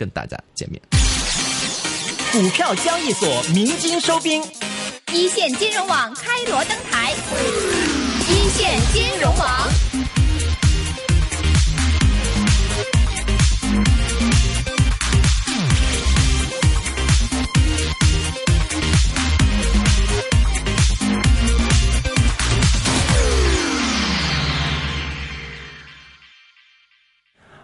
跟大家見面，股票交易所鳴金收兵，一線金融網開鑼登台，一線金融網。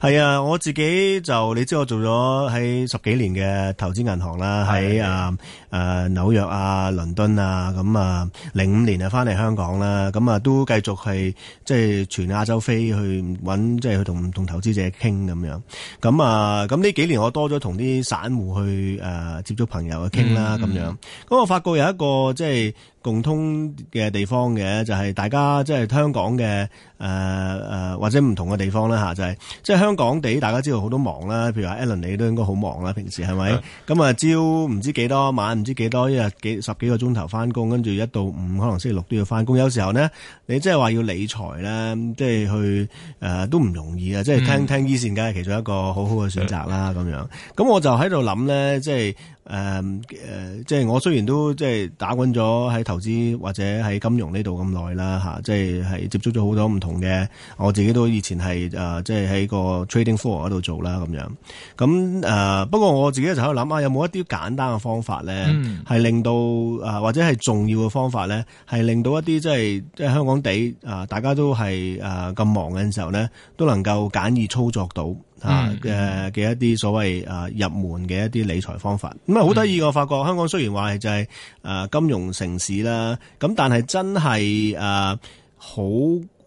係啊，我自己就你知我做咗喺十幾年嘅投資銀行啦，喺啊誒紐約啊、倫敦啊咁啊，零五年啊翻嚟香港啦，咁啊都繼續係即係全亞洲飛去揾，即係去同同投資者傾咁樣，咁啊咁呢幾年我多咗同啲散戶去誒接觸朋友去傾啦咁樣，咁我發覺有一個即係。共通嘅地方嘅就係、是、大家即係香港嘅誒誒或者唔同嘅地方啦嚇、啊，就係、是、即係香港地大家知道好多忙啦，譬如話 Allen 你都應該好忙啦，平時係咪？咁啊朝唔知幾多，晚唔知幾多，一日幾十幾個鐘頭翻工，跟住一到五可能星期六都要翻工。有時候呢，你即係話要理財咧，即係去誒、呃、都唔容易啊！即係聽聽依線梗係其中一個好好嘅選擇啦，咁、嗯嗯、樣。咁我就喺度諗咧，即係。即誒誒、嗯，即係我雖然都即係打滾咗喺投資或者喺金融呢度咁耐啦吓，即係係接觸咗好多唔同嘅，我自己都以前係誒、啊、即係喺個 trading floor 度做啦咁樣。咁、啊、誒，不過我自己就喺度諗下有冇一啲簡單嘅方法咧，係、嗯、令到誒、啊、或者係重要嘅方法咧，係令到一啲即係即係香港地誒、啊、大家都係誒咁忙嘅時候咧，都能夠簡易操作到。啊嘅嘅一啲所謂啊入門嘅一啲理財方法，咁啊好得意，我發覺香港雖然話係就係、是、啊金融城市啦，咁、啊、但係真係啊好。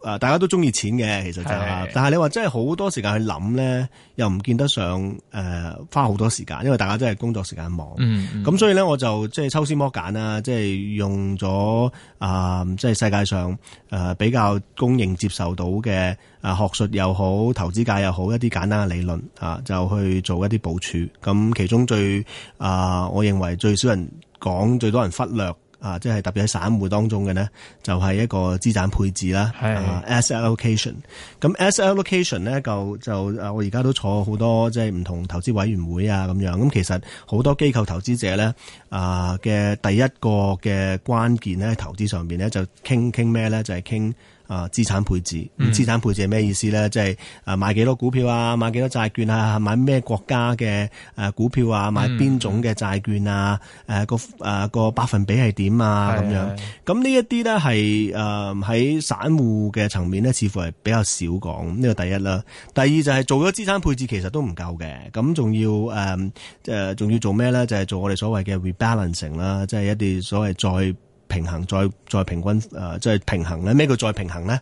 啊！大家都中意錢嘅，其實就係、是，的但係你話真係好多時間去諗咧，又唔見得上誒、呃、花好多時間，因為大家真係工作時間忙。咁、嗯嗯、所以咧，我就即係抽絲剝繭啦，即係用咗啊，即係、呃、世界上誒、呃、比較公認接受到嘅啊、呃、學術又好，投資界又好一啲簡單嘅理論啊，就去做一啲部署。咁、啊、其中最啊、呃，我認為最少人講，最多人忽略。啊，即係特別喺散戶當中嘅呢，就係、是、一個資產配置啦的、啊，啊，asset allocation。咁 asset allocation 咧，就就我而家都坐好多即係唔同投資委員會啊咁樣。咁其實好多機構投資者咧，啊嘅第一個嘅關鍵咧，投資上面咧，就傾傾咩咧？就係傾。啊，資產配置咁資產配置係咩意思咧？即係啊，買幾多股票啊，買幾多債券啊，買咩國家嘅誒股票啊，嗯、買邊種嘅債券啊？誒個誒個百分比係點啊？咁、嗯、樣咁、嗯、呢一啲咧係誒喺散戶嘅層面咧，似乎係比較少講。呢個第一啦。第二就係做咗資產配置，其實都唔夠嘅。咁仲要誒誒仲要做咩咧？就係、是、做我哋所謂嘅 rebalancing 啦，即係一啲所謂再。平衡再再平均誒、呃，即係平衡咧。咩叫再平衡咧？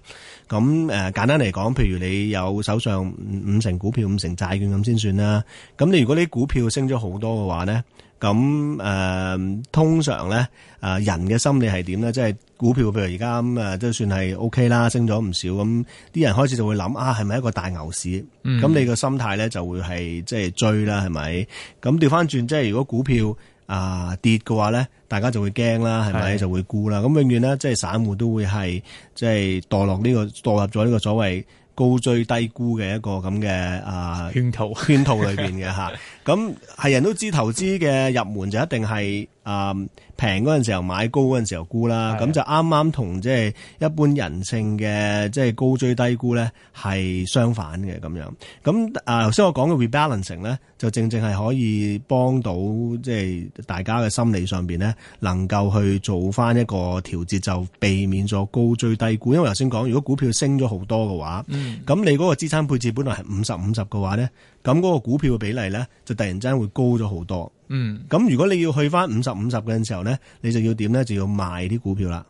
咁誒、呃，簡單嚟講，譬如你有手上五成股票、五成債券咁先算啦。咁你如果啲股票升咗好多嘅話咧，咁誒、呃，通常咧誒、呃，人嘅心理係點咧？即係股票，譬如而家咁即都算係 O K 啦，升咗唔少。咁啲人開始就會諗啊，係咪一個大牛市？咁、嗯、你個心態咧就會係即係追啦，係咪？咁調翻轉，即係如果股票。啊跌嘅話咧，大家就會驚啦，係咪是的 就會沽啦？咁永遠咧，即係散戶都會係，即係墮落呢、這個墮入咗呢個所謂高追低沽嘅一個咁嘅啊圈套圈套裏邊嘅吓。咁係、 啊、人都知，投資嘅 入門就一定係啊，平嗰陣時候買，高嗰陣時候沽啦，咁的就啱啱同即係一般人性嘅即係高追低沽咧，係相反嘅咁樣。咁啊頭先我講嘅 rebalancing 咧，就正正係可以幫到即係大家嘅心理上邊咧，能夠去做翻一個調節，就避免咗高追低沽。因為頭先講，如果股票升咗好多嘅話，咁、嗯、你嗰個資產配置本來係五十五十嘅話咧，咁嗰個股票嘅比例咧，就突然間會高咗好多。嗯，咁如果你要去翻五十五十嗰陣時候咧，你就要點咧？就要賣啲股票啦，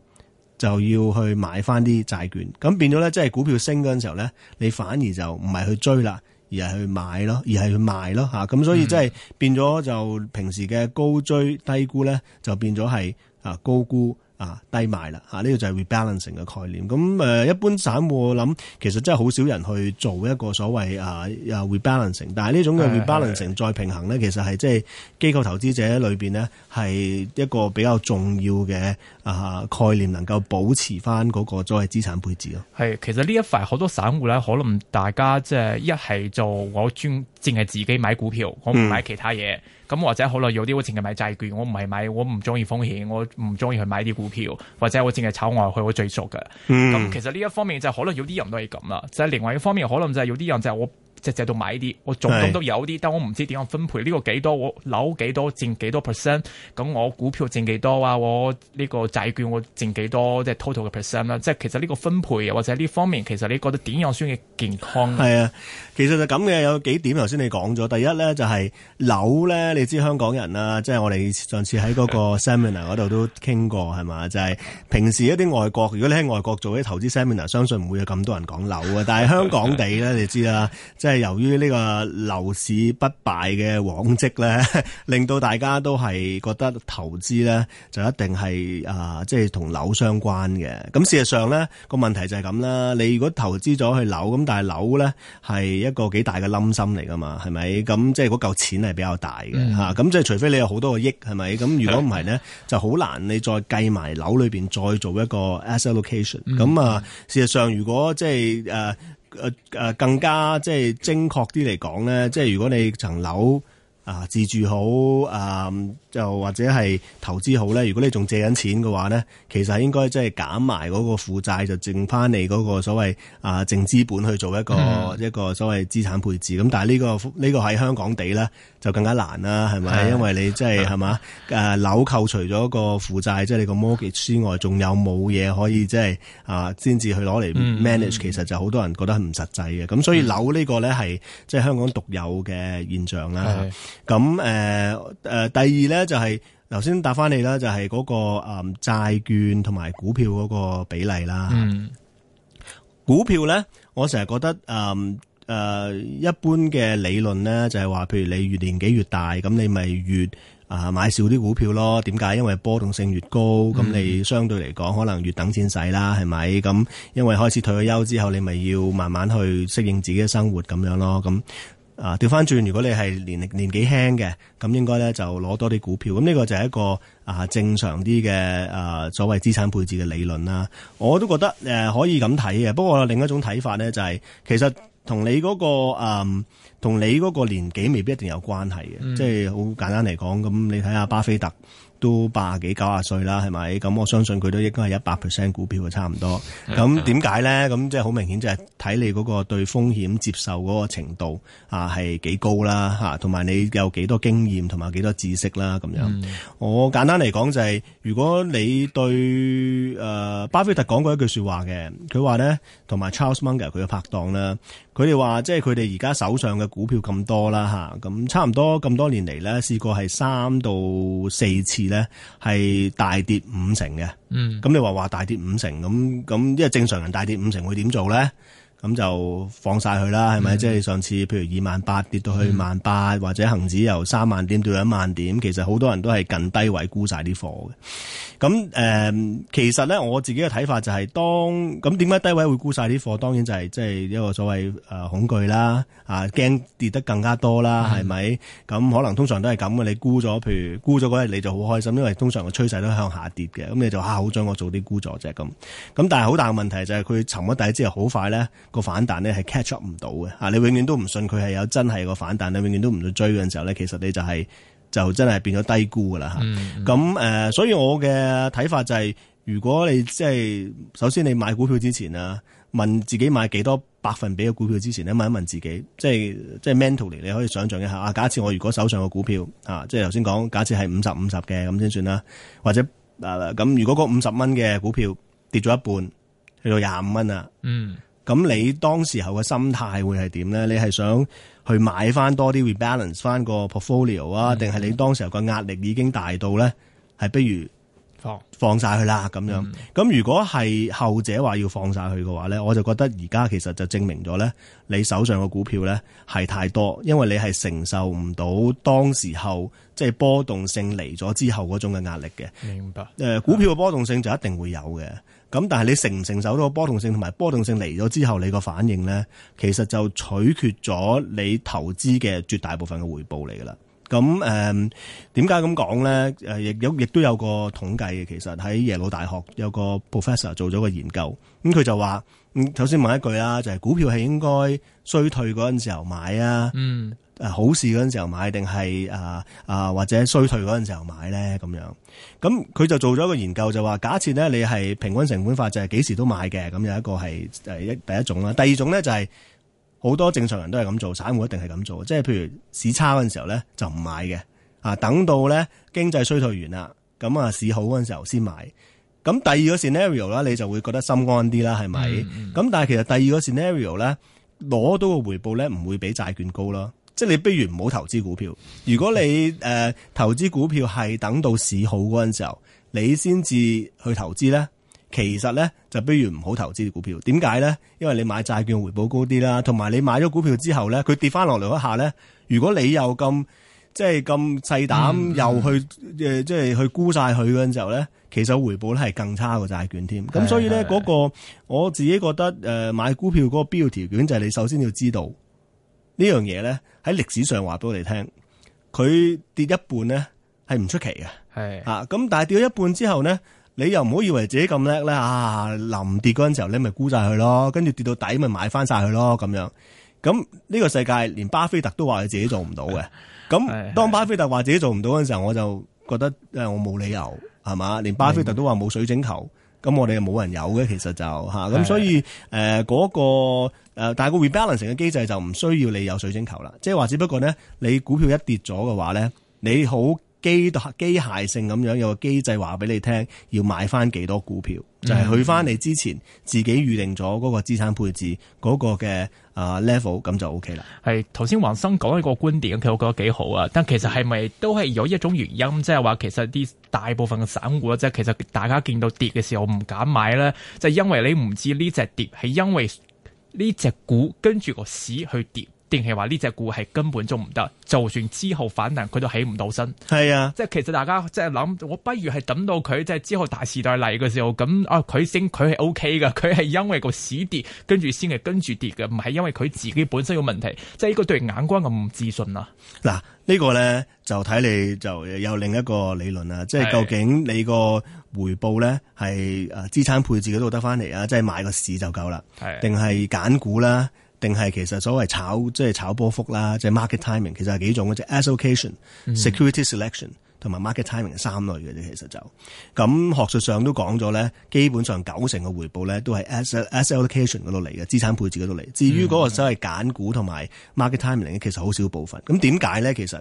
就要去買翻啲債券。咁變咗咧，即係股票升嗰陣時候咧，你反而就唔係去追啦，而係去買咯，而係去賣咯吓。咁所以即係、嗯、變咗就平時嘅高追低估咧，就變咗係啊高估。啊，低賣啦！啊，呢個就係 rebalancing 嘅概念。咁誒、呃，一般散戶我諗，其實真係好少人去做一個所謂啊啊 rebalancing。Re ancing，但係呢種嘅 rebalancing 再平衡咧，哎、其實係即係機構投資者裏邊呢，係一個比較重要嘅啊概念，能夠保持翻嗰個所謂資產配置咯。係，其實呢一塊好多散戶咧，可能大家即、就、係、是、一係做我專淨係自己買股票，我唔買其他嘢。嗯。咁或者可能有啲我淨係買債券，我唔係買，我唔中意風險，我唔中意去買啲股票，或者我淨係炒外匯，佢我最熟嘅。咁、嗯、其實呢一方面就係、可能有啲人都係咁啦，就係、係、另外一方面可能就係有啲人就係我。即係喺度買啲，我總共都有啲，但我唔知點樣分配。呢、這個幾多我樓幾多，佔幾多 percent？咁我股票佔幾多啊？我呢個債券我佔幾多？即係 total 嘅 percent 啦。即係其實呢個分配或者呢方面，其實你覺得點樣先嘅健康？係啊，其實就咁嘅有幾點。頭先你講咗第一咧就係樓咧，你知香港人啦，即、就、係、是、我哋上次喺嗰個 seminar 嗰度 都傾過係嘛？就係、是、平時一啲外國，如果你喺外國做啲投資 seminar，相信唔會有咁多人講樓啊。但係香港地咧，你知啦，即係。由於呢個樓市不敗嘅往迹咧， 令到大家都係覺得投資咧就一定係啊、呃，即係同樓相關嘅。咁事實上咧個問題就係咁啦。你如果投資咗去樓咁，但係樓咧係一個幾大嘅冧心嚟噶嘛？係咪？咁即係嗰嚿錢係比較大嘅吓。咁、嗯啊、即係除非你有好多個億，係咪？咁如果唔係咧，的就好難你再計埋樓裡邊再做一個 asset allocation。咁啊、嗯嗯，事實上如果即係誒。呃呃呃呃呃誒誒，更加即係精確啲嚟講咧，即係如果你層樓啊自住好啊。呃就或者係投資好咧，如果你仲借緊錢嘅話咧，其實應該即係減埋嗰個負債，就剩翻你嗰個所謂啊淨資本去做一個、mm hmm. 一個所謂資產配置。咁但係呢個呢個喺香港地咧就更加難啦，係咪？是的 因為你即係係嘛誒樓扣除咗個負債即係你個 mortgage 之外，仲有冇嘢可以即係啊先至去攞嚟 manage？、Mm hmm. 其實就好多人覺得係唔實際嘅。咁所以樓呢個咧係即係香港獨有嘅現象啦。咁誒誒第二咧。啊就係頭先答翻你啦，就係嗰個誒債券同埋股票嗰個比例啦。嗯，股票咧，我成日覺得誒誒，一般嘅理論咧，就係話，譬如你越年紀越大，咁你咪越啊買少啲股票咯。點解？因為波動性越高，咁，嗯，你相對嚟講，可能越等錢使啦，係咪？咁因為開始退咗休之後，你咪要慢慢去適應自己嘅生活咁樣咯，咁。啊，調翻轉，如果你係年齡年紀輕嘅，咁應該咧就攞多啲股票。咁呢個就係一個啊、呃、正常啲嘅啊所謂資產配置嘅理論啦。我都覺得誒、呃、可以咁睇嘅。不過另一種睇法咧就係、是，其實同你嗰、嗰個同、呃、你嗰個年紀未必一定有關係嘅。即係好簡單嚟講，咁你睇下巴菲特。都八廿幾九廿歲啦，係咪？咁我相信佢都應該係一百 percent 股票啊，差唔多。咁點解咧？咁 即係好明顯，就係睇你嗰個對風險接受嗰個程度啊，係幾高啦嚇，同、啊、埋你有幾多經驗同埋幾多知識啦咁樣。 我簡單嚟講就係、是，如果你對誒、呃、巴菲特講過一句説話嘅，佢話咧，同埋 Charles Munger 佢嘅拍檔咧。佢哋話，即係佢哋而家手上嘅股票咁多啦，吓，咁差唔多咁多年嚟咧，試過係三到四次咧，係大跌五成嘅。嗯，咁你話話大跌五成，咁咁，因為正常人大跌五成會點做咧？咁就放晒佢啦，係咪？嗯、即係上次譬如二萬八跌到去萬八，或者恒指由三萬點到一萬點，其實好多人都係近低位沽晒啲貨嘅。咁誒、嗯，其實咧我自己嘅睇法就係，當咁點解低位會沽晒啲貨？當然就係、是、即係一個所謂誒、呃、恐懼啦，啊驚跌得更加多啦，係咪？咁、嗯、可能通常都係咁嘅。你沽咗，譬如沽咗嗰日，你就好開心，因為通常個趨勢都向下跌嘅，咁你就嚇好咗，啊、我做啲沽咗啫咁。咁但係好大嘅問題就係佢沉咗底之後，好快咧。個反彈咧係 catch up 唔到嘅嚇，你永遠都唔信佢係有真係個反彈，你永遠都唔去追嘅時候咧，其實你就係、是、就真係變咗低估嘅啦嚇。咁誒、嗯嗯呃，所以我嘅睇法就係、是，如果你即、就、係、是、首先你買股票之前啊，問自己買幾多百分比嘅股票之前咧，問一問自己，即係即係 mentally 你可以想象一下啊，假設我如果手上嘅股票啊，即係頭先講，假設係五十五十嘅咁先算啦，或者啊咁，如果嗰五十蚊嘅股票跌咗一半，去到廿五蚊啊，嗯。咁你當時候嘅心態會係點咧？你係想去買翻多啲 rebalance 翻個 portfolio 啊，定係、嗯、你當時候個壓力已經大到咧，係不如放放晒佢啦咁樣。咁、嗯、如果係後者話要放晒佢嘅話咧，我就覺得而家其實就證明咗咧，你手上嘅股票咧係太多，因為你係承受唔到當時候即係波動性嚟咗之後嗰種嘅壓力嘅。明白。誒、呃，股票嘅波動性就一定會有嘅。咁但係你承唔承受到波動性，同埋波動性嚟咗之後，你個反應咧，其實就取決咗你投資嘅絕大部分嘅回報嚟㗎喇。咁誒點解咁講咧？誒亦有亦都有個統計嘅，其實喺耶魯大學有個 professor 做咗個研究，咁、嗯、佢就話：嗯，頭先問一句啊，就係、是、股票係應該衰退嗰陣時候買啊？嗯。啊，好事嗰陣時候買，定係啊啊，或者衰退嗰陣時候買咧咁樣。咁佢就做咗一個研究就話，假設咧你係平均成本法就係幾時都買嘅，咁有一個係誒一第一種啦，第二種咧就係好多正常人都係咁做，散戶一定係咁做，即係譬如市差嗰陣時候咧就唔買嘅，啊，等到咧經濟衰退完啦，咁，啊市好嗰陣時候先買，咁第二個 scenario 啦，你就會覺得心安啲啦，係咪？咁、嗯嗯、但係其實第二個 scenario 咧攞到嘅回報咧唔會比債券高咯。即係你不如唔好投資股票。如果你誒、呃、投資股票係等到市好嗰陣時候，你先至去投資咧，其實咧就不如唔好投資股票。點解咧？因為你買債券回報高啲啦，同埋你買咗股票之後咧，佢跌翻落嚟嗰下咧，如果你又咁即係咁細膽、嗯、又去誒即係去沽曬佢嗰陣時候咧，其實回報咧係更差過債券添。咁、嗯、所以咧嗰對、嗰個我自己覺得誒、呃、買股票嗰個必要條件就係你首先要知道。呢樣嘢咧喺歷史上話俾我哋聽，佢跌一半咧係唔出奇嘅，係是的 啊咁。但係跌咗一半之後咧，你又唔好以為自己咁叻咧啊！臨跌嗰陣時候你咪沽曬佢咯，跟住跌到底咪買翻曬佢咯，咁樣。咁呢、這個世界連巴菲特都話佢自己做唔到嘅。咁是的 當巴菲特話自己做唔到嗰陣時候，我就覺得誒、呃，我冇理由係嘛。連巴菲特都話冇水晶球。咁我哋又冇人有嘅，其實就吓，咁所以誒嗰個誒，但係個 rebalance 嘅機制就唔需要你有水晶球啦，即係話只不過呢，你股票一跌咗嘅話咧，你好。機機械性咁樣有個機制話俾你聽，要買翻幾多股票，嗯、就係去翻你之前自己預定咗嗰個資產配置嗰、那個嘅啊 level，咁就 OK 啦。係頭先黃生講一個觀點，其實我覺得幾好啊。但其實係咪都係有一種原因，即係話其實啲大部分嘅散股，即係其實大家見到跌嘅時候唔敢買咧，就係、因為你唔知呢隻跌係因為呢隻股跟住個市去跌。定係話呢隻股係根本做唔得，就算之後反彈，佢都起唔到身。係啊，即係其實大家即係諗，我不如係等到佢即係之後大時代嚟嘅時候，咁啊佢升佢係 O K 噶，佢係、OK、因為個市跌，跟住先係跟住跌嘅，唔係因為佢自己本身嘅問題。即係呢個對眼光咁唔自信啊！嗱、啊、呢、這個呢，就睇你就有另一個理論啦，即係究竟你個回報呢，係啊資產配置嗰度得翻嚟啊，即係買個市就夠啦，定係揀股啦？定係其實所謂炒即係炒波幅啦，即、就、係、是、market timing，其實係幾種嘅啫。即係、asset allocation、mm、hmm. security selection 同埋 market timing 係三類嘅啫。其實就咁學術上都講咗咧，基本上九成嘅回報咧都係 asset allocation 嗰度嚟嘅，資產配置嗰度嚟。至於嗰個所謂揀股同埋 market timing，其實好少部分。咁點解咧？其實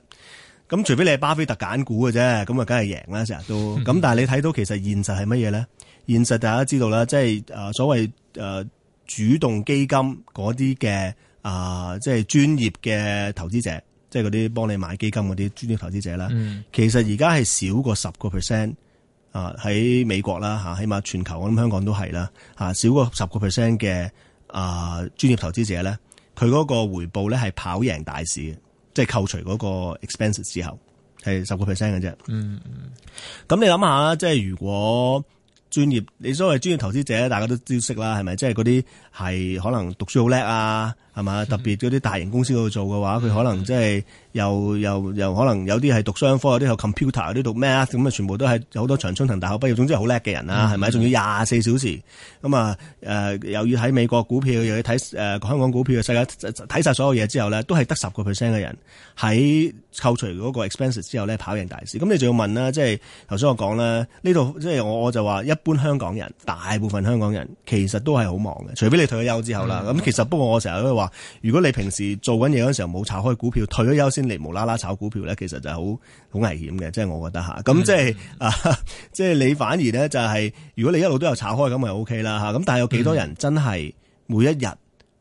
咁除非你係巴菲特揀股嘅啫，咁啊梗係贏啦成日都。咁、mm hmm. 但係你睇到其實現實係乜嘢咧？現實大家知道啦，即係誒、呃、所謂誒。呃主動基金嗰啲嘅啊，即係專業嘅投資者，即係嗰啲幫你買基金嗰啲專業投資者啦。嗯、其實而家係少過十個 percent 啊，喺美國啦嚇，起碼全球我諗香港都係啦嚇，少過十個 percent 嘅啊專業投資者咧，佢嗰個回報咧係跑贏大市嘅，即係扣除嗰個 expense 之後係十個 percent 嘅啫。嗯，咁你諗下啦，即係如果。專業，你所謂專業投資者，大家都知識啦，係咪？即係嗰啲。係可能讀書好叻啊，係嘛？特別嗰啲大型公司嗰度做嘅話，佢可能即係又又又可能有啲係讀商科，有啲讀 computer，有啲 com 讀 math，咁啊全部都係有好多長春藤大學畢業，總之係好叻嘅人啦、啊，係咪？仲要廿四小時咁啊？誒、嗯呃，又要睇美國股票，又要睇誒、呃、香港股票，嘅世界睇晒所有嘢之，之後呢，都係得十個 percent 嘅人喺扣除嗰個 expense 之後呢跑贏大市。咁你仲要問啦，即係頭先我講啦，呢度即係我我就話一般香港人，大部分香港人其實都係好忙嘅，除非退咗休之後啦，咁其實不過我成日都話，如果你平時做緊嘢嗰時候冇炒開股票，退咗休先嚟無啦啦炒股票咧，其實就係好好危險嘅。即係我覺得吓，咁即係啊，即係你反而咧就係，如果你一路都有炒開咁，咪 O K 啦嚇。咁但係有幾多人真係每一日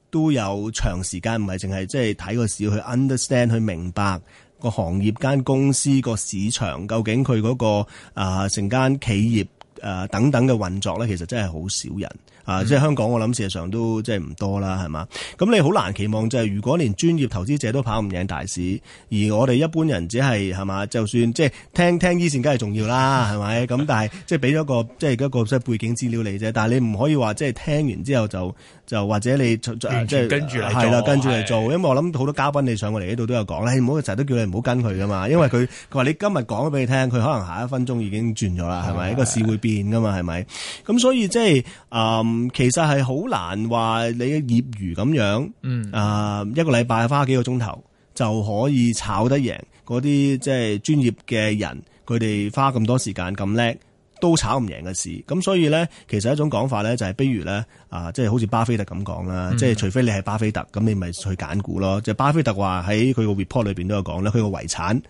都有長時間，唔係淨係即係睇個市去 understand 去明白個行業間公司個市場究竟佢嗰個啊成間企業。誒等等嘅運作咧，其實真係好少人啊！即係香港，我諗事實上都即係唔多啦，係嘛？咁你好難期望，即係如果連專業投資者都跑唔贏大市，而我哋一般人只係係嘛？就算即係聽聽依線，梗係重要啦，係咪？咁但係即係俾咗個即係一個背景資料你啫。但係你唔可以話即係聽完之後就就或者你即係跟住嚟跟住嚟做。因為我諗好多嘉賓你上過嚟呢度都有講咧，唔好成日都叫你唔好跟佢㗎嘛。因為佢佢話你今日講咗俾你聽，佢可能下一分鐘已經轉咗啦，係咪？個市會變。噶嘛係咪？咁所以即係誒，其實係好難話你嘅業餘咁樣，嗯，啊一個禮拜花幾個鐘頭就可以炒得贏嗰啲即係專業嘅人，佢哋花咁多時間咁叻都炒唔贏嘅事。咁所以咧，其實一種講法咧就係，譬如咧啊，即係好似巴菲特咁講啦，即係除非你係巴菲特，咁你咪、啊、去揀股咯。就是、巴菲特話喺佢個 report 裏邊都有講咧，佢個遺產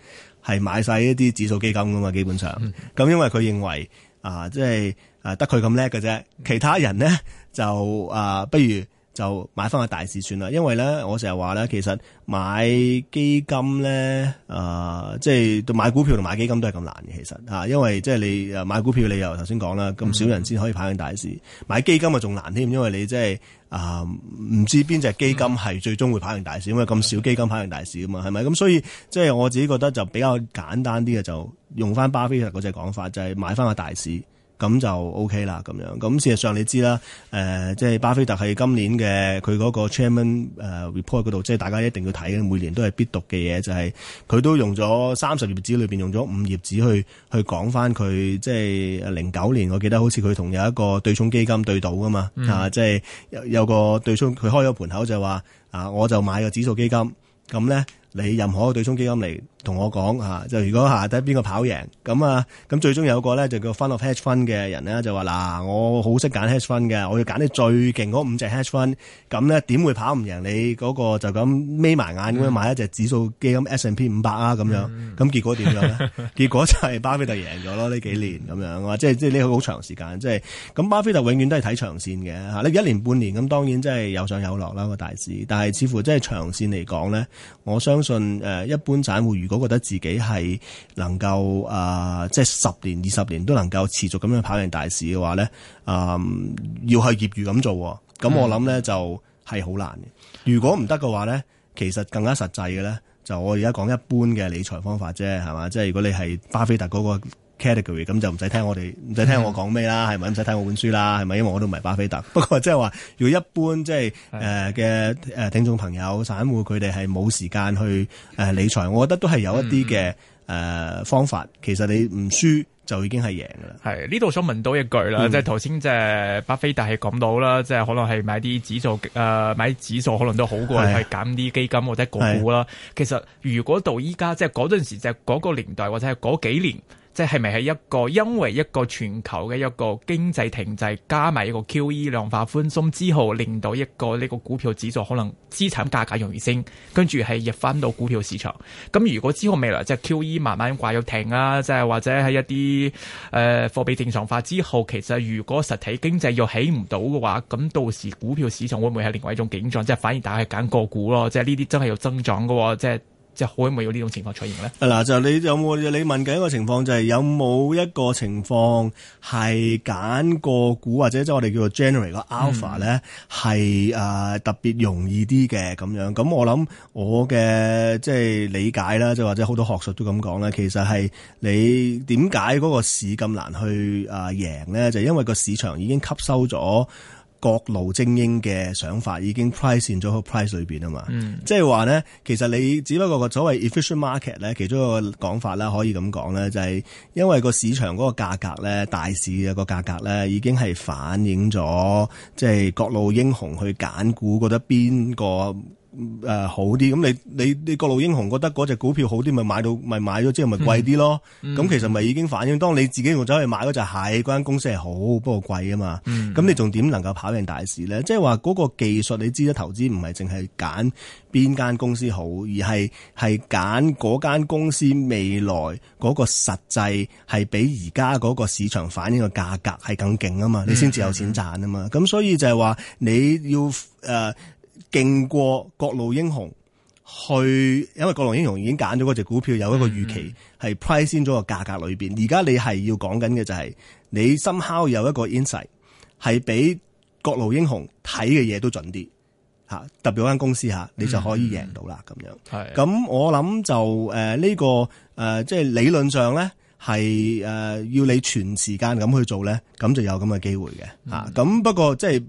係買晒一啲指數基金噶嘛，基本上咁，嗯、 因為佢認為。啊，即係啊，得佢咁叻嘅啫，其他人咧，就啊，不如。就買翻個大市算啦，因為咧，我成日話咧，其實買基金咧，啊，即係買股票同買基金都係咁難嘅，其實嚇，因為即係你啊買股票，你又頭先講啦，咁少人先可以跑贏大市，mm hmm. 買基金啊仲難添，因為你即係啊唔知邊隻基金係最終會跑贏大市，因為咁少基金跑贏大市啊嘛，係咪？mm hmm. 咁所以即係我自己覺得就比較簡單啲嘅，就用翻巴菲特嗰隻講法，就係買翻個大市。咁就 OK 啦，咁樣咁事實上你知啦，誒即係巴菲特係今年嘅佢嗰個 Chairman 誒 report 度，即係大家一定要睇嘅，每年都係必讀嘅嘢，就係佢都用咗三十頁紙裏邊用咗五頁紙去去講翻佢即係零九年，我記得好似佢同有一個對沖基金對賭噶嘛，嗯，啊即係有，有個對沖佢開咗盤口就話啊，我就買個指數基金，咁咧你任何一個對沖基金嚟。同我講吓、啊，就如果下睇邊個跑贏咁啊，咁最終有個咧就叫 fund of hedge fund 嘅人咧就話嗱、啊，我好識揀 hedge fund 嘅，我要揀你最勁嗰五隻 hedge fund，咁咧點會跑唔贏你？嗰個就咁眯埋眼咁樣買一隻指數基金 S and P 五百啊咁樣，咁結果點樣咧？結果， 結果就係巴菲特贏咗咯，呢幾年咁樣、啊、即係即係呢個好長時間，即係咁巴菲特永遠都係睇長線嘅吓，你、啊、一年半年咁當然真係有上有落啦個、啊、大市，但係似乎真係長線嚟講咧，我相信誒、啊、一般散戶如。如果覺得自己係能夠啊、呃，即係十年二十年都能夠持續咁樣跑贏大市嘅話咧，呃、啊，要係業餘咁做，咁我諗咧就係、是、好難嘅。如果唔得嘅話咧，其實更加實際嘅咧，就我而家講一般嘅理財方法啫，係嘛？即係如果你係巴菲特嗰、那個。category 咁就唔使聽我哋唔使聽我講咩啦，係咪？唔使睇我本書啦，係咪？因為我都唔係巴菲特。不過即係話，如果一般即係誒嘅誒聽眾朋友、散戶佢哋係冇時間去誒、呃、理財，我覺得都係有一啲嘅誒方法。其實你唔輸就已經係贏㗎啦。係呢度想問到一句啦，即係頭先即係巴菲特係講到啦，即係可能係買啲指數誒、呃、買指數可能都好過係揀啲基金或者股股啦。啊啊、其實如果到依家即係嗰陣時即係嗰個年代或者係嗰幾年。即係咪係一個因為一個全球嘅一個經濟停滯，加埋一個 QE 量化寬鬆之後，令到一個呢個股票指數，可能資產價格容易升，跟住係入翻到股票市場。咁如果之後未來即係 QE 慢慢掛咗停啊，即係或者係一啲誒貨幣正常化之後，其實如果實體經濟又起唔到嘅話，咁到時股票市場會唔會係另外一種景象，即係反而大家去揀個股咯？即係呢啲真係有增長嘅喎，即係。即係可唔可以有呢種情況出現咧？係嗱，就你有冇你問緊一個情況，就係有冇一個情況係揀個股或者即係我哋叫做 generate 個 alpha 咧係誒、嗯、特別容易啲嘅咁樣？咁我諗我嘅即係理解啦，即係或者好多學術都咁講啦，其實係你點解嗰個市咁難去誒贏咧？就係、因為個市場已經吸收咗。各路精英嘅想法已經 price in 咗個 price 裏邊啊嘛，嗯，即係話咧，其實你只不過個所謂 efficient market 咧，其中一個講法啦，可以咁講咧，就係因為個市場嗰個價格咧，大市嘅個價格咧，已經係反映咗即係各路英雄去揀股，覺得邊個。誒、呃，好啲咁，你你你各路英雄覺得嗰隻股票好啲，咪買到咪買咗，之後咪貴啲咯？咁、嗯、其實咪已經反映，當你自己用走去買嗰隻蟹，嗰間公司係好，不過貴啊嘛。咁、嗯嗯、你仲點能夠跑贏大市咧？即係話嗰個技術，你知得投資唔係淨係揀邊間公司好，而係係揀嗰間公司未來嗰個實際係比而家嗰個市場反映嘅價格係更勁啊嘛，嗯嗯、你先至有錢賺啊嘛。咁、嗯嗯、所以就係話你要誒。呃呃勁過各路英雄去，因為各路英雄已經揀咗嗰隻股票，有一個預期係 price 先咗個價格裏邊。而家、嗯、你係要講緊嘅就係、是、你 somehow 有一個 insight，係比各路英雄睇嘅嘢都準啲吓。特別嗰間公司吓，你就可以贏到啦咁樣。係咁是我諗就誒、呃，這個呃就是、呢個誒即係理論上咧係誒要你全時間咁去做咧，咁就有咁嘅機會嘅吓。咁、嗯啊、不過即係、就是、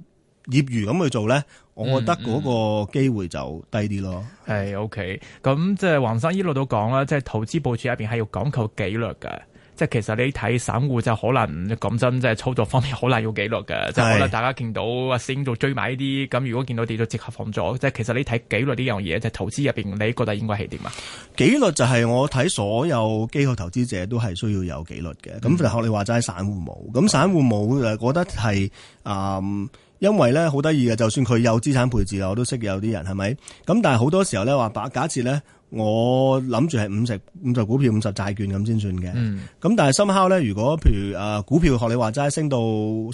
業餘咁去做咧。嗯嗯我覺得嗰個機會就低啲咯。係 OK，咁即係黃生一路都講啦，即係投資部署入邊係要講求紀律嘅。即係其實你睇散戶就可能講真，即係操作方面好難有紀律嘅。即係可能大家見到啊，市做追買呢啲，咁如果見到跌咗，即刻放咗。即係其實你睇紀律呢樣嘢，就係投資入邊，你覺得應該係點啊？紀律就係我睇所有機構投資者都係需要有紀律嘅。咁就係學你話齋散戶冇，咁散戶冇誒，覺得係啊。嗯嗯因為咧好得意嘅，就算佢有資產配置啊，我都識有啲人，係咪？咁但係好多時候咧話，假設咧我諗住係五十五十股票五十債券咁先算嘅。咁、嗯、但係 somehow 咧，如果譬如誒股票學你話齋升到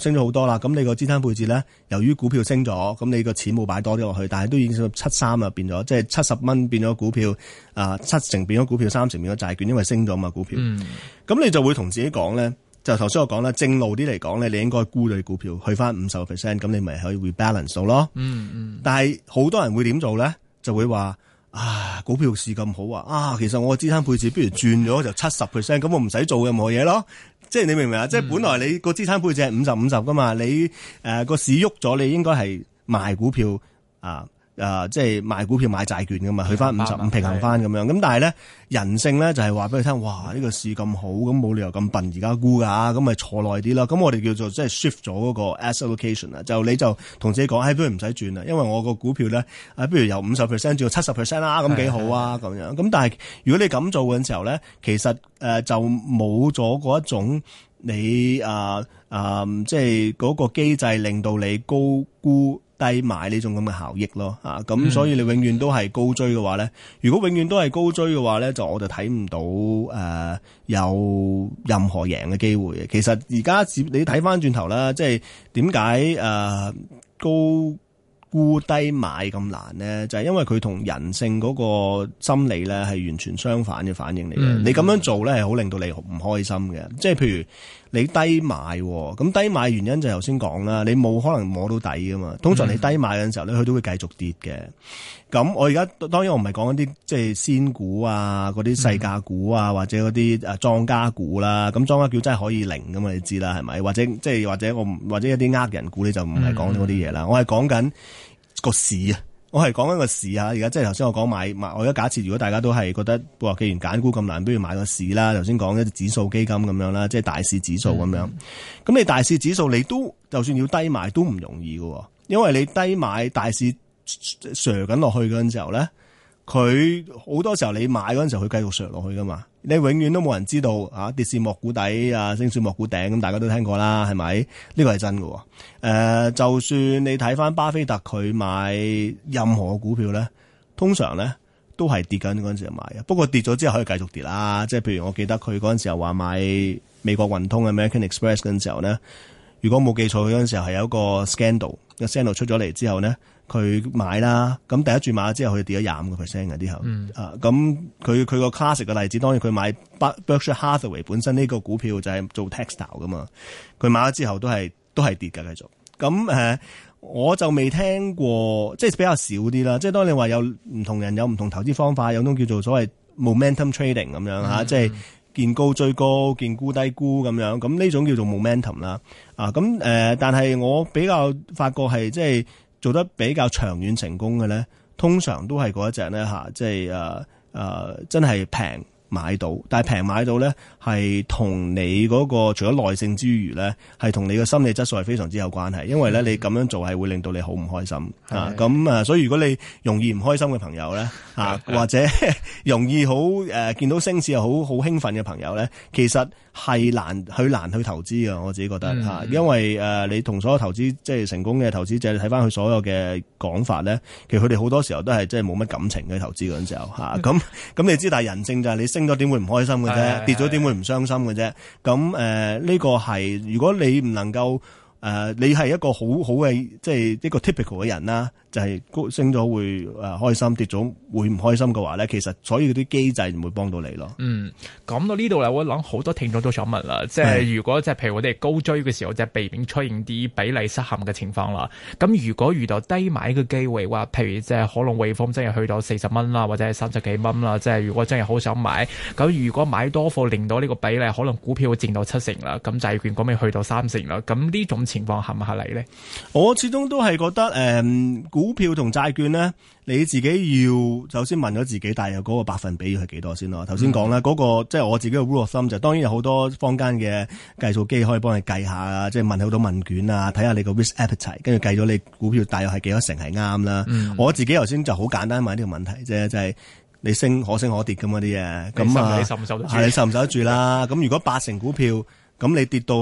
升咗好多啦，咁你個資產配置咧，由於股票升咗，咁你個錢冇擺多啲落去，但係都已經到七三啊變咗，即係七十蚊變咗股票啊，七成變咗股票，三、呃、成變咗債券，因為升咗嘛股票。咁、嗯、你就會同自己講咧。就頭先我講啦，正路啲嚟講咧，你應該沽咗股票，去返五十個 percent，咁你咪可以 rebalance 到咯。嗯嗯。嗯，但係好多人會點做咧？就會話啊，股票市咁好啊，啊，其實我個資產配置不如轉咗就七十 percent，咁我唔使做任何嘢咯。即係你明唔明啊？嗯、即係本來你個資產配置係五十五十㗎嘛，你誒個、呃、市喐咗，你應該係賣股票啊。呃啊、呃，即係買股票買債券噶嘛，去翻五十五平衡翻咁樣。咁但係咧人性咧就係話俾你聽，哇呢、這個市咁好，咁冇理由咁笨而家沽㗎，咁咪、啊、坐耐啲咯。咁我哋叫做即係 shift 咗嗰、那個 asset allocation 啦。就你就同自己講，唉、哎，不如唔使轉啦，因為我個股票咧，啊，不如由五十 percent 至到七十 percent 啦，咁、啊啊、幾好啊，咁樣。咁但係如果你咁做嘅時候咧，其實誒、呃、就冇咗嗰一種你啊啊、呃呃，即係嗰個機制令到你高估。低買呢種咁嘅效益咯，嗯、啊咁所以你永遠都係高追嘅話咧，如果永遠都係高追嘅話咧，就我就睇唔到誒、呃、有任何贏嘅機會嘅。其實而家你睇返轉頭啦，即係點解誒高估低買咁難咧？就係、是、因為佢同人性嗰個心理咧係完全相反嘅反應嚟嘅。嗯、你咁樣做咧係好令到你唔開心嘅，即係譬如。你低買，咁低買原因就係頭先講啦，你冇可能摸到底噶嘛。通常你低買嘅時候，咧佢、mm hmm. 都會繼續跌嘅。咁我而家當然我唔係講一啲即係仙股啊、嗰啲細價股啊，或者嗰啲誒莊家股啦、啊。咁莊家股真係可以零噶嘛？你知啦，係咪？或者即係或者我或者一啲呃人股你就唔係講嗰啲嘢啦。Mm hmm. 我係講緊個市啊。我係講緊個市吓，而家即係頭先我講買買，我而家假設如果大家都係覺得，話，既然揀股咁難，不如買個市啦。頭先講一隻指數基金咁樣啦，即係大市指數咁樣。咁、嗯、你大市指數你都就算要低買都唔容易嘅，因為你低買大市削緊落去嗰陣時候咧，佢好多時候你買嗰陣時候佢繼續削落去噶嘛。你永遠都冇人知道啊！跌市莫估底啊，升市莫估頂咁，大家都聽過啦，係咪呢個係真嘅？誒、啊，就算你睇返巴菲特佢買任何股票咧，通常咧都係跌緊嗰陣時候買嘅。不過跌咗之後可以繼續跌啦，即係譬如我記得佢嗰陣時候話買美國運通嘅 American Express 嗰陣時候咧，如果冇記錯，佢嗰陣時候係有一個 scandal，個 scandal 出咗嚟之後咧。佢買啦，咁第一注買咗之後，佢跌咗廿五個 percent 嘅之後啊。咁佢佢個 classic 嘅例子，當然佢買 Berkshire Hathaway 本身呢個股票就係做 textile 噶嘛。佢買咗之後都係都係跌嘅，繼續咁誒、呃。我就未聽過，即係比較少啲啦。即係當你話有唔同人有唔同投資方法，有種叫做所謂 momentum trading 咁樣嚇，嗯、即係見高追高，見估低估咁樣。咁呢種叫做 momentum 啦啊。咁、啊、誒、呃，但係我比較發覺係即係。做得比較長遠成功嘅咧，通常都係嗰一隻咧吓，即係誒誒真係平。買到，但係平買到咧，係同你嗰個除咗耐性之餘咧，係同你嘅心理質素係非常之有關係。因為咧，你咁樣做係會令到你好唔開心是的 啊！咁、嗯、啊、嗯，所以如果你容易唔開心嘅朋友咧啊，或者 容易好誒、呃、見到升市又好好興奮嘅朋友咧，其實係難去難去投資嘅。我自己覺得嚇、啊，因為誒、啊、你同所有投資即係成功嘅投資者睇翻佢所有嘅講法咧，其實佢哋好多時候都係即係冇乜感情嘅投資嗰陣時候嚇。咁、啊、咁、嗯嗯嗯嗯嗯嗯、你知，但係人性就係你升咗點會唔開心嘅啫，的跌咗點會唔傷心嘅啫。咁誒，呢個係如果你唔能夠誒、呃，你係一個好好嘅即係一個 typical 嘅人啦。就係升咗會誒開心，跌咗會唔開心嘅話咧，其實所有啲機制唔會幫到你咯。嗯，講到呢度咧，我諗好多聽眾都想問啦，即係如果即係譬如我哋高追嘅時候，即係避免出現啲比例失衡嘅情況啦。咁如果遇到低買嘅機會，話譬如即係可能匯豐真係去到四十蚊啦，或者係三十幾蚊啦，即係如果真係好想買，咁如果買多貨令到呢個比例可能股票佔到七成啦，咁債券嗰咪去到三成啦，咁呢種情況合唔合理咧？我始終都係覺得誒。嗯股票同債券咧，你自己要首先問咗自己大約嗰個百分比係幾多先咯。頭先講啦，嗰、嗯那個即係、就是、我自己嘅 rule of thumb 就是、當然有好多坊間嘅計數機可以幫你計下，即、就、係、是、問好多問卷啊，睇下你個 risk appetite，跟住計咗你股票大約係幾多成係啱啦。嗯、我自己頭先就好簡單問呢個問題啫，就係、是、你升可升可跌咁嗰啲嘢，咁啊，係你受唔受得住啦？咁 如果八成股票。咁你跌到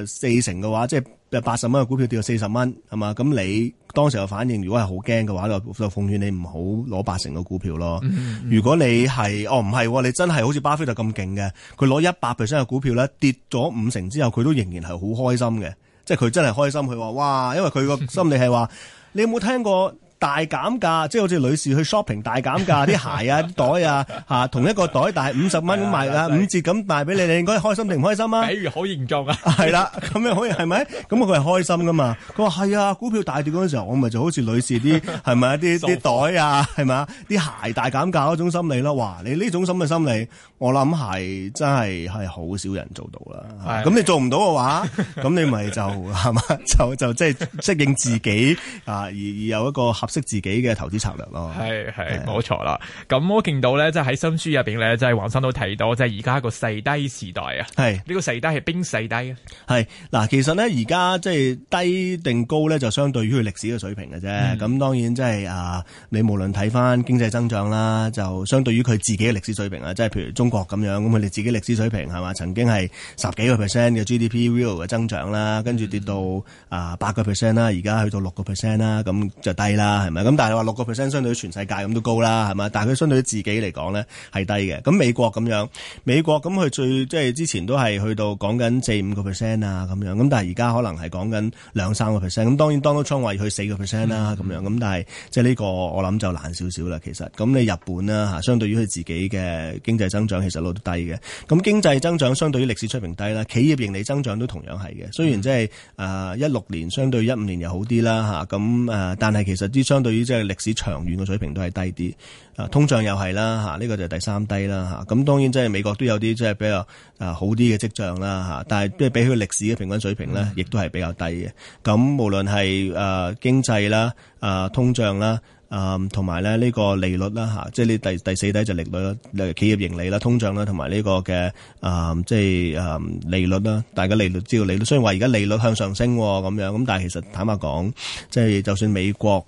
誒四成嘅話，即係八十蚊嘅股票跌到四十蚊，係嘛？咁你當時嘅反應，如果係好驚嘅話，就奉勸你唔好攞八成嘅股票咯。嗯嗯、如果你係哦唔係、哦，你真係好似巴菲特咁勁嘅，佢攞一百 percent 嘅股票咧，跌咗五成之後，佢都仍然係好開心嘅，即係佢真係開心。佢話：哇，因為佢個心理係話，你有冇聽過？大減價，即係好似女士去 shopping 大減價，啲鞋啊，啲袋啊，嚇、 啊、同一個袋，但係五十蚊咁賣啊，的五折咁賣俾你，你應該開心定唔開心啊？比如好嚴重啊！係啦、啊，咁又可以係咪？咁佢係開心噶嘛？佢話係啊，股票大跌嗰陣時候，我咪就好似女士啲係咪啊？啲啲袋啊，係咪啊？啲鞋大減價嗰種心理咯。哇！你呢種咁嘅心理，我諗係真係係好少人做到啦。係咁，的你做唔到嘅話，咁你咪就係嘛？ 就就即係適應自己啊，而有一個合，識自己嘅投資策略咯，係係冇錯啦。咁我見到咧，即係喺新書入邊咧，即係黃生都提到，即係而家個細低時代啊。係呢是個細低係邊細低啊？係嗱，其實咧而家即係低定高咧，就相對於佢歷史嘅水平嘅啫。咁、嗯、當然即係啊，你無論睇翻經濟增長啦，就相對於佢自己嘅歷史水平啊，即係譬如中國咁樣，咁佢哋自己歷史水平係嘛，曾經係十幾個 percent 嘅 GDP real 嘅增長啦，跟住跌到啊八個 percent 啦，而家去到六個 percent 啦，咁就低啦。係咪咁？但係話六個 percent 相對全世界咁都高啦，係嘛？但係佢相對於自己嚟講咧係低嘅。咁美國咁樣，美國咁佢最即係之前都係去到講緊四五個 percent 啊咁樣。咁但係而家可能係講緊兩三個 percent。咁、啊、當然特朗普話要去四個 percent 啦咁樣。咁、啊啊、但係即係呢個我諗就難少少啦。其實咁你日本啦吓、啊，相對於佢自己嘅經濟增長其實都低嘅。咁經濟增長相對於歷史水平低啦，企業盈利增長都同樣係嘅。雖然即係誒一六年相對一五年又好啲啦吓。咁、啊、誒、啊、但係其實啲。相對於即係歷史長遠嘅水平都係低啲啊，通脹又係啦嚇，呢個就係第三低啦嚇。咁當然即係美國都有啲即係比較啊好啲嘅跡象啦嚇，但係即係比起歷史嘅平均水平咧，亦都係比較低嘅。咁無論係誒經濟啦、誒通脹啦、誒同埋咧呢個利率啦嚇、啊，即係呢第第四低就係利率、啦，企業盈利啦、通脹啦同埋呢個嘅誒、啊、即係誒、啊、利率啦。大家利率知道利率，雖然話而家利率向上升喎咁、啊、樣，咁但係其實坦白講，即、就、係、是、就算美國。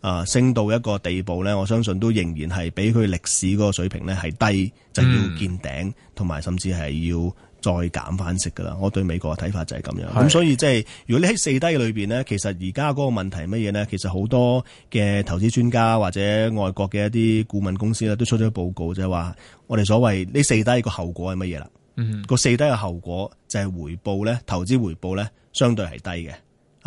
啊，升到一個地步咧，我相信都仍然係比佢歷史嗰個水平咧係低，就是、要見頂，同埋、嗯、甚至係要再減翻息噶啦。我對美國嘅睇法就係咁樣。咁是所以即、就、係、是、如果你喺四低裏邊咧，其實而家嗰個問題乜嘢咧？其實好多嘅投資專家或者外國嘅一啲顧問公司咧，都出咗報告就，就係話我哋所謂呢四低嘅後果係乜嘢啦？嗯，個四低嘅後果就係回報咧，投資回報咧，相對係低嘅嚇、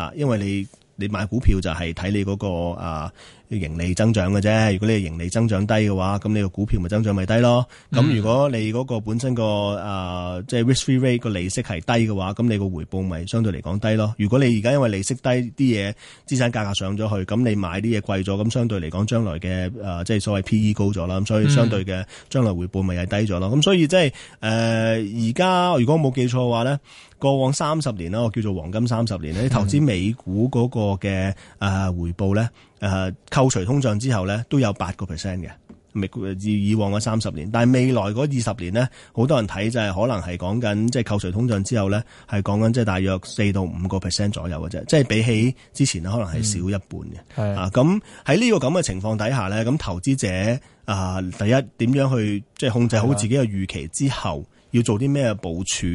啊，因為你。你買股票就係睇你嗰個啊盈利增長嘅啫。如果你嘅盈利增長低嘅話，咁你個股票咪增長咪低咯。咁、嗯、如果你嗰個本身個啊即、呃、係、就是、risk-free rate 個利息係低嘅話，咁你個回報咪相對嚟講低咯。如果你而家因為利息低啲嘢資產價格上咗去，咁你買啲嘢貴咗，咁相對嚟講將來嘅啊即係所謂 P/E 高咗啦，咁所以相對嘅將來回報咪係低咗咯。咁、嗯、所以即係誒而家如果冇記錯嘅話咧。過往三十年啦，我叫做黃金三十年咧，嗯、投資美股嗰個嘅誒回報咧，誒扣除通脹之後咧，都有八個 percent 嘅美以往嗰三十年，但係未來嗰二十年咧，好多人睇就係可能係講緊即係扣除通脹之後咧，係講緊即係大約四到五個 percent 左右嘅啫，即係比起之前咧，可能係少一半嘅。係、嗯、啊，咁喺呢個咁嘅情況底下咧，咁投資者啊，第一點樣去即係控制好自己嘅預期之後。要做啲咩部署？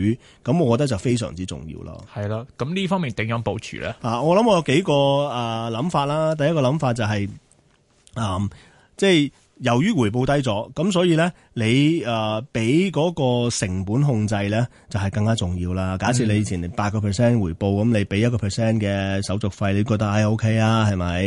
咁我覺得就非常之重要咯。係咯，咁呢方面點樣部署咧？啊，我諗我有幾個誒、呃、諗法啦。第一個諗法就係、是、誒、嗯，即係。由於回報低咗，咁所以咧你誒俾嗰個成本控制咧就係、是、更加重要啦。假設你以前你八個 percent 回報，咁你俾一個 percent 嘅手續費，你覺得係 OK 啊，係咪？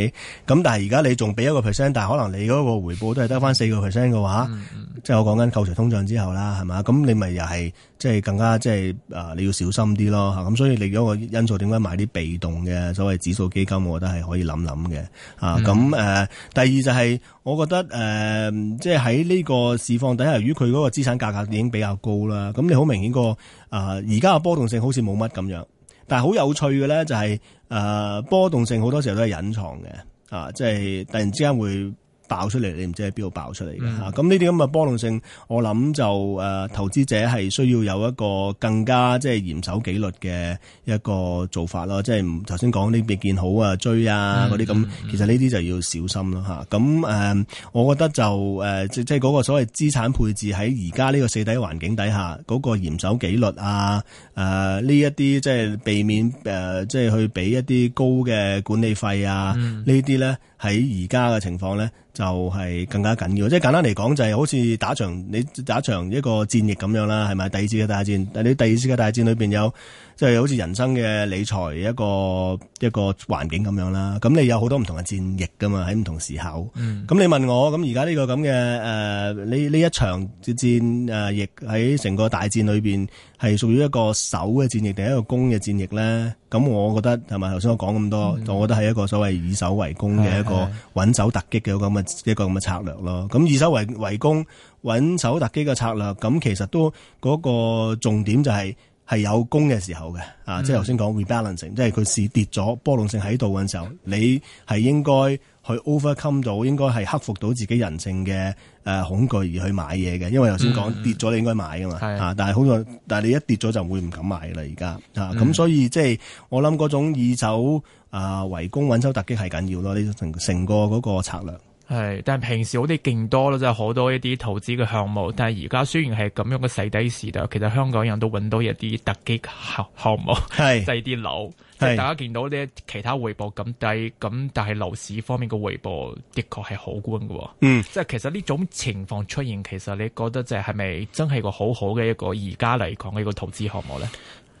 咁但係而家你仲俾一個 percent，但係可能你嗰個回報都係得翻四個 percent 嘅話，嗯、即係我講緊扣除通脹之後啦，係嘛？咁你咪又係。即係更加即係啊，你要小心啲咯嚇，咁、嗯、所以你嗰個因素點解買啲被動嘅所謂指數基金，我覺得係可以諗諗嘅啊。咁、嗯、誒、嗯呃，第二就係、是、我覺得誒、呃，即係喺呢個市況底下，由於佢嗰個資產價格已經比較高啦，咁你好明顯個啊而家嘅波動性好似冇乜咁樣，但係好有趣嘅咧就係、是、誒、呃、波動性好多時候都係隱藏嘅啊，即係突然之間會，爆出嚟，你唔知喺邊度爆出嚟嘅嚇。咁呢啲咁嘅波動性，我諗就誒投資者係需要有一個更加即係嚴守紀律嘅一個做法咯。即係頭先講呢別見好啊追啊嗰啲咁，其實呢啲就要小心咯嚇。咁、啊、誒、嗯，我覺得就誒即係嗰個所謂資產配置喺而家呢個四底環境底下，嗰、嗰個嚴守紀律啊誒呢一啲即係避免誒即係去俾一啲高嘅管理費啊、嗯、呢啲咧喺而家嘅情況咧。就係更加緊要，即係簡單嚟講，就係好似打場你打場一個戰役咁樣啦，係咪？第二次嘅大戰，但係你第二次嘅大戰裏邊有，即係好似人生嘅理財一個一個環境咁樣啦。咁你有好多唔同嘅戰役㗎嘛，喺唔同時候。咁、嗯、你問我，咁而家呢個咁嘅誒呢呢一場戰誒亦喺成個大戰裏邊。係屬於一個守嘅戰役定係一個攻嘅戰役咧？咁我覺得係咪頭先我講咁多，mm hmm. 我覺得係一個所謂以守為攻嘅、mm hmm. 一個穩守突擊嘅咁嘅一個咁嘅策略咯。咁以守為為攻、穩守突擊嘅策略，咁其實都嗰、嗰個重點就係、係、係有攻嘅時候嘅啊！即係頭先講 rebalancing，mm hmm. 即係佢是跌咗波動性喺度嘅時候，你係應該去 overcome 到，應該係克服到自己人性嘅。誒，恐懼而去買嘢嘅，因為頭先講跌咗你應該買㗎嘛，吓係，但係好在，但係你一跌咗就唔會唔敢買啦，而家吓，咁、啊、所以即係我諗嗰種以走啊圍攻揾收突擊係緊要咯，呢成成個嗰個策略係，但係平時我哋勁多咯，即係好多一啲投資嘅項目，但係而家雖然係咁樣嘅細底時代，其實香港人都揾到一啲突擊項項目，係細啲樓。大家見到呢其他回報咁低，咁但係樓市方面嘅回報，的確係可觀㗎。嗯，即係其實呢種情況出現，其實你覺得即係係咪真係個好好嘅一個而家嚟講嘅一個投資項目咧？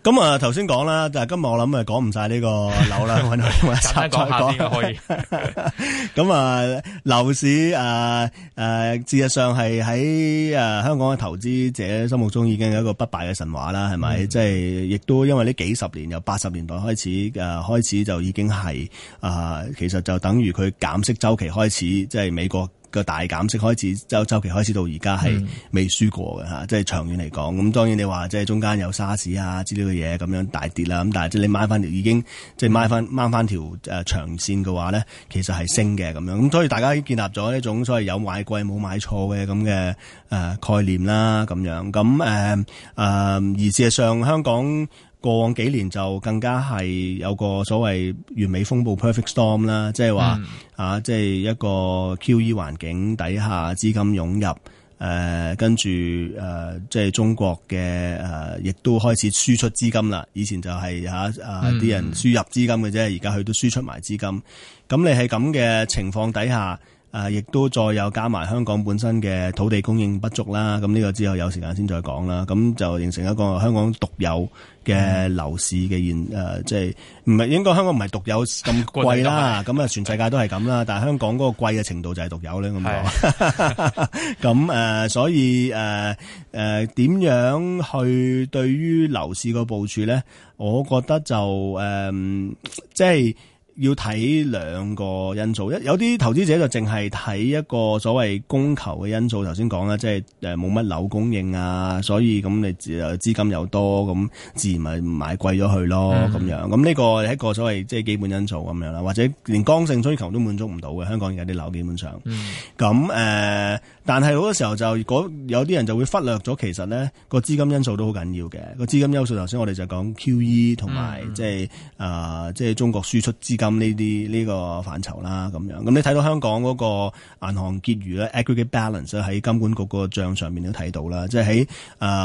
咁啊，頭先講啦，但係今日我諗誒，講唔晒呢個樓啦，簡單講一講可以。咁 啊，樓市誒誒、呃呃，事實上係喺誒香港嘅投資者心目中，已經有一個不敗嘅神話啦，係咪？嗯、即係亦都因為呢幾十年，由八十年代開始誒、呃，開始就已經係啊、呃，其實就等於佢減息周期開始，即係美國。個大減息開始周週期開始到而家係未輸過嘅嚇，嗯、即係長遠嚟講，咁當然你話即係中間有沙士啊之類嘅嘢咁樣大跌啦，咁但係即係你買翻條已經即係買翻掹翻條誒長線嘅話咧，其實係升嘅咁樣，咁所以大家建立咗一種所謂有買貴冇買錯嘅咁嘅誒概念啦咁樣，咁誒誒而事實上香港。過往幾年就更加係有個所謂完美風暴 perfect storm 啦，即係話啊，即係一個 QE 環境底下資金湧入，誒跟住誒即係中國嘅誒、呃，亦都開始輸出資金啦。以前就係嚇啊啲人輸入資金嘅啫，而家佢都輸出埋資金。咁你喺咁嘅情況底下。誒，亦、啊、都再有加埋香港本身嘅土地供應不足啦，咁、啊、呢個之後有時間先再講啦。咁、啊、就形成一個香港獨有嘅樓市嘅現誒，即係唔係應該香港唔係獨有咁貴啦？咁啊，全世界都係咁啦。 但係香港嗰個貴嘅程度就係獨有咧。咁講，咁誒、 呃，所以誒誒點樣去對於樓市個部署咧？我覺得就誒、呃，即係。要睇兩個因素，一有啲投資者就淨係睇一個所謂供求嘅因素。頭先講啦，即係誒冇乜樓供應啊，所以咁你誒資金又多，咁自然咪唔買貴咗去咯，咁、嗯、樣咁呢個一個所謂即係基本因素咁樣啦，或者連剛性需求都滿足唔到嘅香港而家啲樓基本上。咁誒、嗯、但係好多時候就如果有啲人就會忽略咗，其實咧個資金因素都好緊要嘅。個資金因素頭先我哋就講 QE 同埋即係誒即係中國輸出資金。咁呢啲呢個範疇啦，咁樣咁你睇到香港嗰個銀行結餘咧，aggregate balance 喺金管局個帳上面都睇到啦，即係喺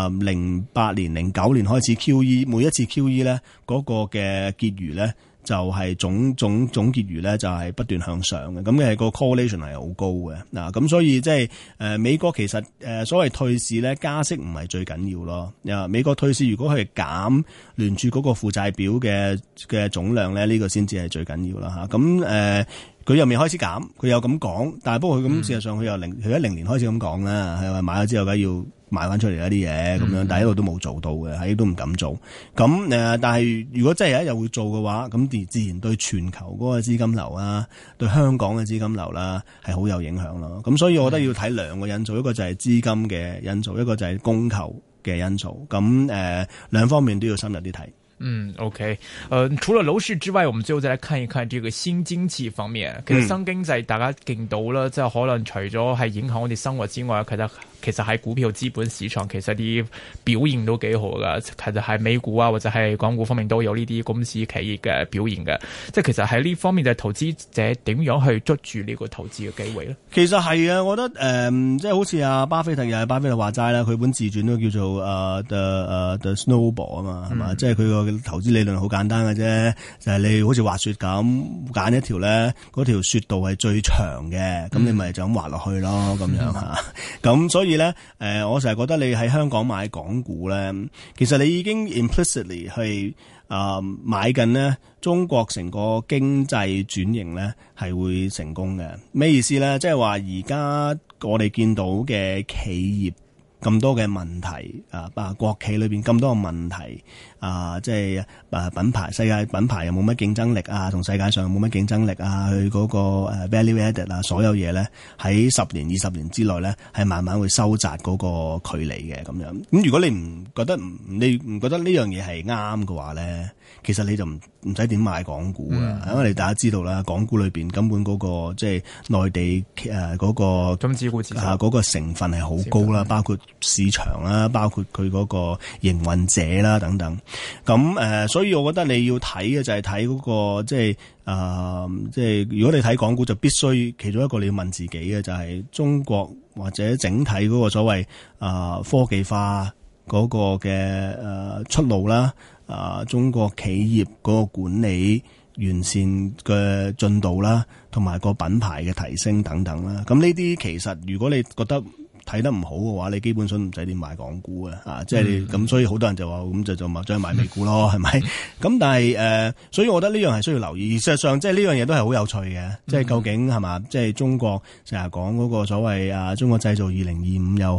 誒零八年、零九年開始 QE，每一次 QE 咧嗰個嘅結餘咧。就係總總總結餘咧，就係不斷向上嘅，咁嘅個 correlation 係好高嘅嗱，咁所以即係誒美國其實誒、呃、所謂退市咧加息唔係最緊要咯。啊、呃，美國退市如果佢減聯儲嗰個負債表嘅嘅總量咧，呢、呢個先至係最緊要啦嚇。咁誒佢又未開始減，佢又咁講，但係不過佢咁、嗯、事實上佢又零佢一零年開始咁講啦，係咪買咗之後梗要？買翻出嚟一啲嘢咁樣，但係一路都冇做到嘅，喺都唔敢做。咁誒，但係如果真係有一日會做嘅話，咁自然對全球嗰個資金流啦，對香港嘅資金流啦，係好有影響咯。咁所以我覺得要睇兩個因素，是個因素，一個就係資金嘅因素，一個就係供求嘅因素。咁、呃、誒，兩方面都要深入啲睇。嗯，OK。誒、呃，除了樓市之外，我們最後再來看一睇，呢個新經濟方面，其實新經濟大家見到啦，即係、嗯、可能除咗係影響我哋生活之外，其實。其實喺股票資本市場，其實啲表現都幾好噶。其實喺美股啊，或者係港股方面，都有呢啲公司企業嘅表現嘅。即係其實喺呢方面，就係投資者點樣去捉住呢個投資嘅機會咧？其實係啊，我覺得誒、即、嗯、係、就是、好似阿巴菲特又係巴菲特話齋啦，佢本自傳都叫做阿誒誒 Snowball 啊嘛、係、uh, 嘛、uh,？嗯、即係佢個投資理論好簡單嘅啫，就係、是、你好似滑雪咁揀一條咧，嗰條雪道係最長嘅，咁、嗯、你咪就咁滑落去咯，咁樣吓。咁、嗯、 所以所以咧，誒、呃，我成日覺得你喺香港買港股咧，其實你已經 implicitly 去啊、呃、買緊呢中國成個經濟轉型咧係會成功嘅。咩意思咧？即係話而家我哋見到嘅企業。咁多嘅問題啊！啊，國企裏邊咁多嘅問題啊，即係啊品牌，世界品牌又冇乜競爭力啊，同世界上又冇乜競爭力啊，佢嗰個 value added 啊，所有嘢咧喺十年二十年之內咧，係慢慢會收窄嗰個距離嘅咁樣。咁、嗯、如果你唔覺得唔你唔覺得呢樣嘢係啱嘅話咧？其實你就唔唔使點買港股啊，嗯、因為大家知道啦，港股裏邊根本嗰、那個即係、就是、內地誒嗰、呃那個，怎止啊？那個成分係好高啦，自古自古包括市場啦，包括佢嗰個營運者啦等等。咁誒、呃，所以我覺得你要睇嘅就係睇嗰個即係誒，即、就、係、是呃就是、如果你睇港股就必須其中一個你要問自己嘅就係、是、中國或者整體嗰個所謂啊、呃、科技化嗰個嘅誒、呃、出路啦。呃啊！中國企業嗰個管理完善嘅進度啦，同埋個品牌嘅提升等等啦，咁呢啲其實，如果你覺得，睇得唔好嘅話，你基本上唔使點買港股嘅啊。即係咁，所以好多人就話咁就就買，再買美股咯，係咪咁？但係誒，所以我覺得呢樣係需要留意。事實上，即係呢樣嘢都係好有趣嘅。即係究竟係嘛？即係中國成日講嗰個所謂啊，中國製造二零二五又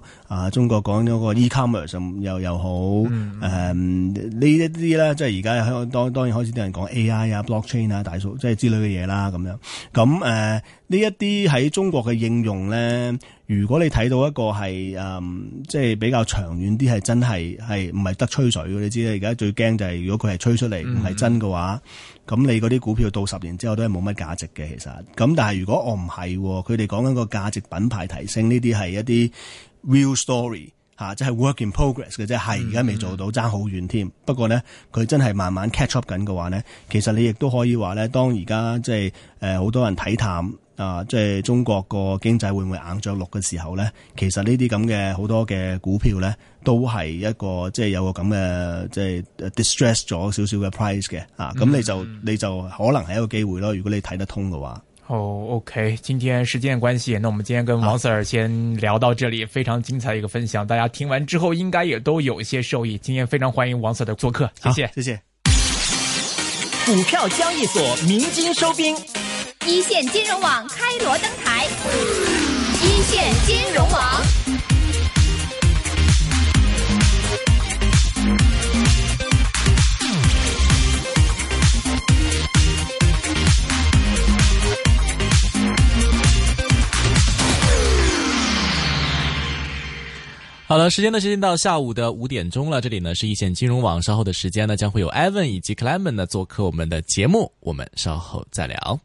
好啊，中國講嗰個 e-commerce 又又好誒呢一啲咧，即係而家香當當然開始啲人講 AI 啊、blockchain 啊、大數即係之類嘅嘢啦，咁樣咁誒呢一啲喺中國嘅應用咧。如果你睇到一個係誒、嗯，即係比較長遠啲，係真係係唔係得吹水嘅，你知啦，而家最驚就係如果佢係吹出嚟唔係真嘅話，咁、嗯嗯、你嗰啲股票到十年之後都係冇乜價值嘅。其實，咁但係如果我唔係，佢哋講緊個價值品牌提升呢啲係一啲 real story 嚇、啊，即係 work in progress 嘅啫。係而家未做到，差好遠添。不過咧，佢真係慢慢 catch up 緊嘅話咧，其實你亦都可以話咧，當而家即係誒好多人睇淡。啊，即係中國個經濟會唔會硬着陸嘅時候呢？其實呢啲咁嘅好多嘅股票呢，都係一個即係有個咁嘅即係 distress 咗少少嘅 price 嘅、嗯、啊。咁你就你就可能係一個機會咯。如果你睇得通嘅話。好、哦、OK，今天時間關係，那我們今天跟王 Sir 先聊到這裡，啊，非常精彩一個分享。大家聽完之後應該也都有一些受益。今天非常歡迎王 Sir 的做客，謝謝，謝謝。股票交易所鳴金收兵。一線金融網開鑼登台，一線金融網。 好了，時間呢已經到下午的五點鐘了。這裏呢是一線金融網，稍後的時間呢將會有 Ivan 以及 Clement 呢做客我們的節目，我們稍後再聊。